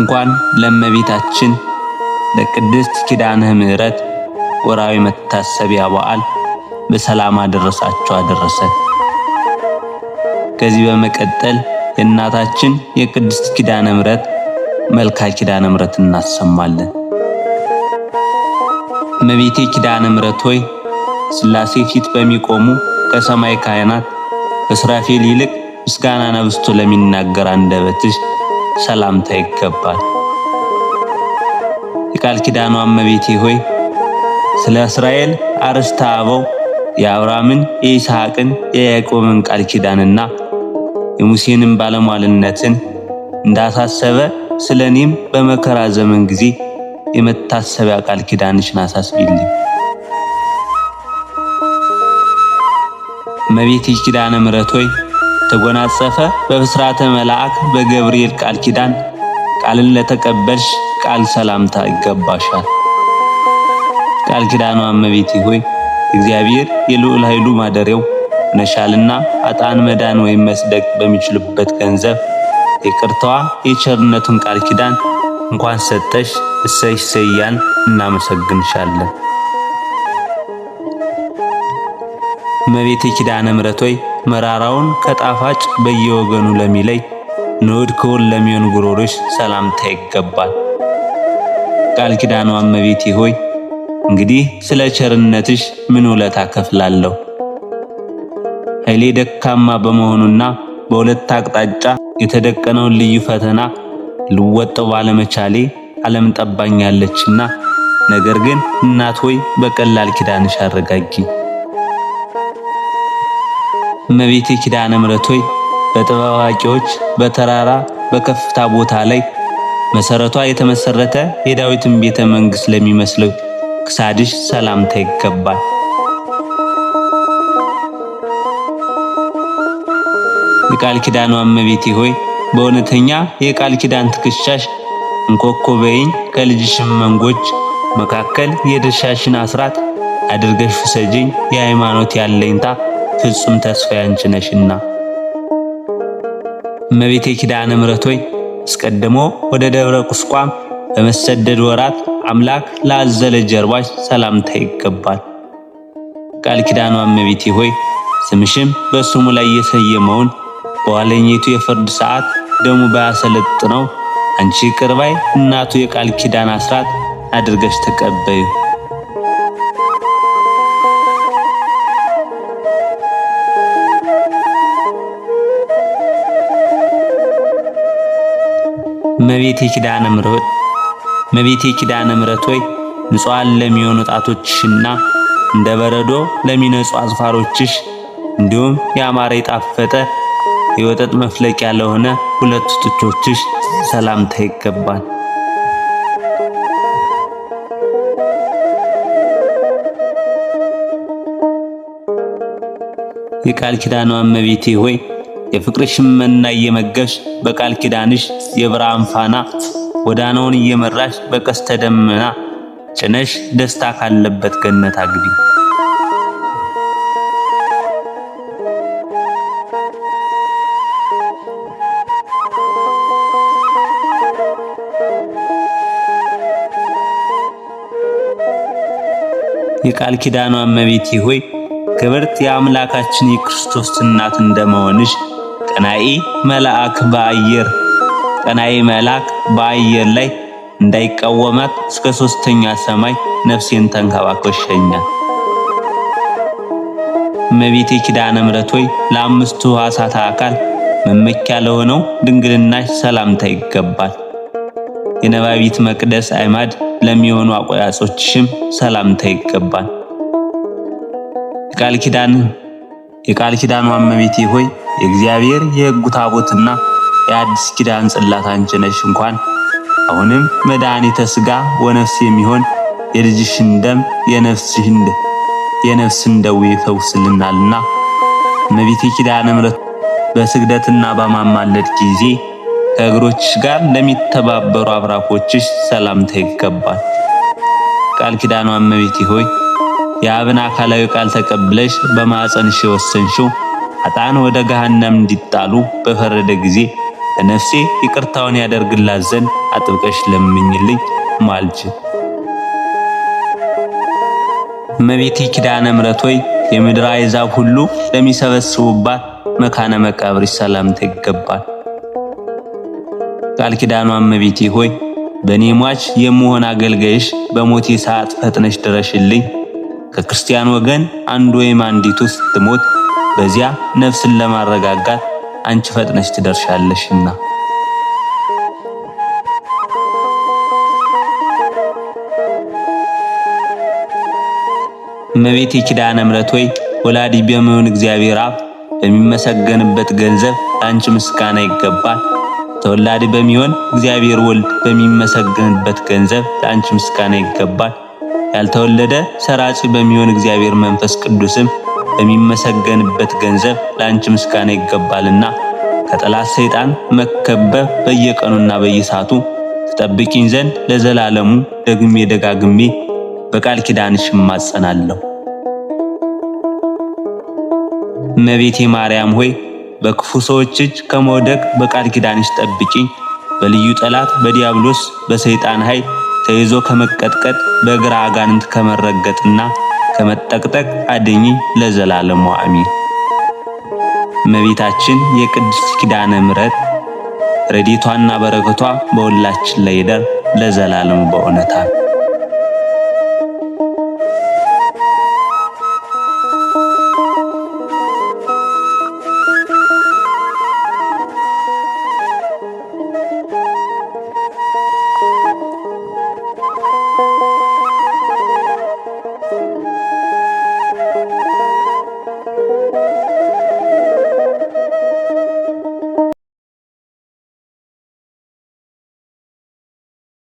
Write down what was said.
እንኳን ለእመቤታችን ለቅድስት ኪዳነ ምሕረት ወራዊ መታሰቢያ በዓል በሰላም አደረሳችሁ አደረሰ። ከዚህ በመቀጠል የእናታችን የቅድስት ኪዳነ ምሕረት መልካ ኪዳነ ምሕረት እናሰማለን። እመቤቴ ኪዳነ ምሕረት ሆይ ሥላሴ ፊት በሚቆሙ ከሰማይ ካህናት ከሱራፌል ይልቅ ምስጋና ነብስቶ ለሚናገር አንደበትሽ ሰላምታ ይገባል። የቃል ኪዳኗ እመቤቴ ሆይ ስለ እስራኤል አርስተ አበው የአብርሃምን፣ የይስሐቅን፣ የያዕቆብን ቃል ኪዳንና የሙሴንም ባለሟልነትን እንዳሳሰበ ስለ እኔም በመከራ ዘመን ጊዜ የመታሰቢያ ቃል ኪዳንሽን አሳስቢልኝ። እመቤቴ ኪዳነ ምሕረት ሆይ ተጎናጸፈ። በብስራተ መልአክ በገብርኤል ቃል ኪዳን ቃልን ለተቀበልሽ ቃል ሰላምታ ይገባሻል። ቃል ኪዳኗ እመቤቴ ሆይ እግዚአብሔር የልዑል ኃይሉ ማደሪያው ነሻልና አጣን መዳን ወይም መስደቅ በሚችልበት ገንዘብ የቅርታዋ የቸርነቱን ቃል ኪዳን እንኳን ሰጠሽ። እሰይ ሰያን እናመሰግንሻለን እመቤቴ ኪዳነ ምሕረት ሆይ መራራውን ከጣፋጭ በየወገኑ ለሚለይ ንዑድ ክውን ለሚሆን ጉሮሮሽ ሰላምታ ይገባል። ቃል ኪዳኑ እመቤቴ ሆይ እንግዲህ ስለ ቸርነትሽ ምን ውለታ ከፍላለሁ? ኃይሌ ደካማ በመሆኑና በሁለት አቅጣጫ የተደቀነውን ልዩ ፈተና ልወጠው ባለመቻሌ ዓለም ጠባኛለችና፣ ነገር ግን እናት ሆይ በቀላል ኪዳንሽ አረጋጊ እመቤቴ ኪዳነ ምሕረት ሆይ በጥበብ አዋቂዎች በተራራ በከፍታ ቦታ ላይ መሰረቷ የተመሰረተ የዳዊትን ቤተ መንግሥት ለሚመስለው ክሳድሽ ሰላምታ ይገባል። የቃል ኪዳኗ እመቤቴ ሆይ በእውነተኛ የቃል ኪዳን ትከሻሽ እንኮኮ በይኝ ከልጅሽም መንጎች መካከል የድርሻሽን አስራት አድርገሽ ውሰጅኝ የሃይማኖት ያለኝታ ፍጹም ተስፋ ያንቺ ነሽና እመቤቴ ኪዳነ ምሕረት ሆይ አስቀድሞ ወደ ደብረ ቁስቋም በመሰደድ ወራት አምላክ ላዘለ ጀርባሽ ሰላምታ ይገባል። ቃል ኪዳኗ እመቤቴ ሆይ ስምሽም በስሙ ላይ የሰየመውን በኋለኛይቱ የፍርድ ሰዓት ደሙ ባያሰለጥነው አንቺ ቅርባይ እናቱ የቃል ኪዳን አስራት አድርገሽ ተቀበዩ። እመቤቴ ኪዳነ ምሕረት እመቤቴ ኪዳነ ምሕረት ሆይ ንጹሃን ለሚሆኑ ጣቶችሽና እንደ በረዶ ለሚነጹ አዝፋሮችሽ እንዲሁም ያማረ የጣፈጠ የወጠጥ መፍለቂያ ለሆነ ሁለቱ ጡቶችሽ ሰላምታ ይገባል። የቃል ኪዳኗ እመቤቴ ሆይ የፍቅር ሽመና እየመገብሽ በቃል ኪዳንሽ የብርሃን ፋና ጎዳናውን እየመራሽ በቀስተ ደመና ጭነሽ ደስታ ካለበት ገነት አግቢ። የቃል ኪዳኗ እመቤቴ ሆይ ክብርት የአምላካችን የክርስቶስ እናት እንደመሆንሽ ቀናኢ መልአክ በአየር ቀናኢ መልአክ በአየር ላይ እንዳይቃወማት እስከ ሶስተኛ ሰማይ ነፍሴን ተንከባከሸኛ። ሸኛት። እመቤቴ ኪዳነ ምሕረት ሆይ ለአምስቱ ሕዋሳት አካል መመኪያ ለሆነው ድንግልናሽ ሰላምታ ይገባል። የነባቢት መቅደስ አይማድ ለሚሆኑ አቆያጾችሽም ሰላምታ ይገባል። ቃል ኪዳን የቃል ኪዳኗ እመቤቴ ሆይ የእግዚአብሔር የሕጉ ታቦትና የአዲስ ኪዳን ጽላት አንቺ ነሽ። እንኳን አሁንም መድኃኒተ ሥጋ ወነፍስ የሚሆን የልጅሽን ደም የነፍስሽን የነፍስን ደዌ ይፈውስልናልና እመቤቴ ኪዳነ ምሕረት በስግደትና በማማለድ ጊዜ ከእግሮችሽ ጋር ለሚተባበሩ አብራኮችሽ ሰላምታ ይገባል። ቃል ኪዳኗ እመቤቴ ሆይ የአብን አካላዊ ቃል ተቀብለሽ በማኅፀንሽ የወሰንሽው አጣን ወደ ገሃነም እንዲጣሉ በፈረደ ጊዜ ለነፍሴ ይቅርታውን ያደርግላት ዘንድ አጥብቀሽ ለምኝልኝ ማልች እመቤቴ ኪዳነ ምሕረት ሆይ የምድር አሕዛብ ሁሉ ለሚሰበስቡባት መካነ መቃብርሽ ሰላምታ ይገባል። ቃል ኪዳኗ እመቤቴ ሆይ በኔ ሟች የምሆን አገልጋይሽ በሞቴ ሰዓት ፈጥነሽ ድረሽልኝ። ከክርስቲያን ወገን አንድ ወይም አንዲቱ ስትሞት በዚያ ነፍስን ለማረጋጋት አንቺ ፈጥነሽ ትደርሻለሽና። እመቤት የኪዳነ ምሕረት ሆይ ወላዲ በሚሆን እግዚአብሔር አብ በሚመሰገንበት ገንዘብ ለአንቺ ምስጋና ይገባል። ተወላዲ በሚሆን እግዚአብሔር ወልድ በሚመሰገንበት ገንዘብ ለአንቺ ምስጋና ይገባል። ያልተወለደ ሰራጭ በሚሆን እግዚአብሔር መንፈስ ቅዱስም በሚመሰገንበት ገንዘብ ለአንቺ ምስጋና ይገባልና ከጠላት ሰይጣን መከበብ በየቀኑና በየሰዓቱ ትጠብቂኝ ዘንድ ለዘላለሙ ደግሜ ደጋግሜ በቃል ኪዳንሽ እማጸናለሁ። እመቤቴ ማርያም ሆይ በክፉ ሰዎች እጅ ከመውደቅ በቃል ኪዳንሽ ጠብቂኝ። በልዩ ጠላት በዲያብሎስ በሰይጣን ኃይል ተይዞ ከመቀጥቀጥ በግራ አጋንንት ከመረገጥና ከመጠቅጠቅ አድኝ ለዘላለሙ አሚን። እመቤታችን የቅድስት ኪዳነ ምሕረት ረድኤቷና በረከቷ በሁላችን ላይ ይደር ለዘላለሙ በእውነታ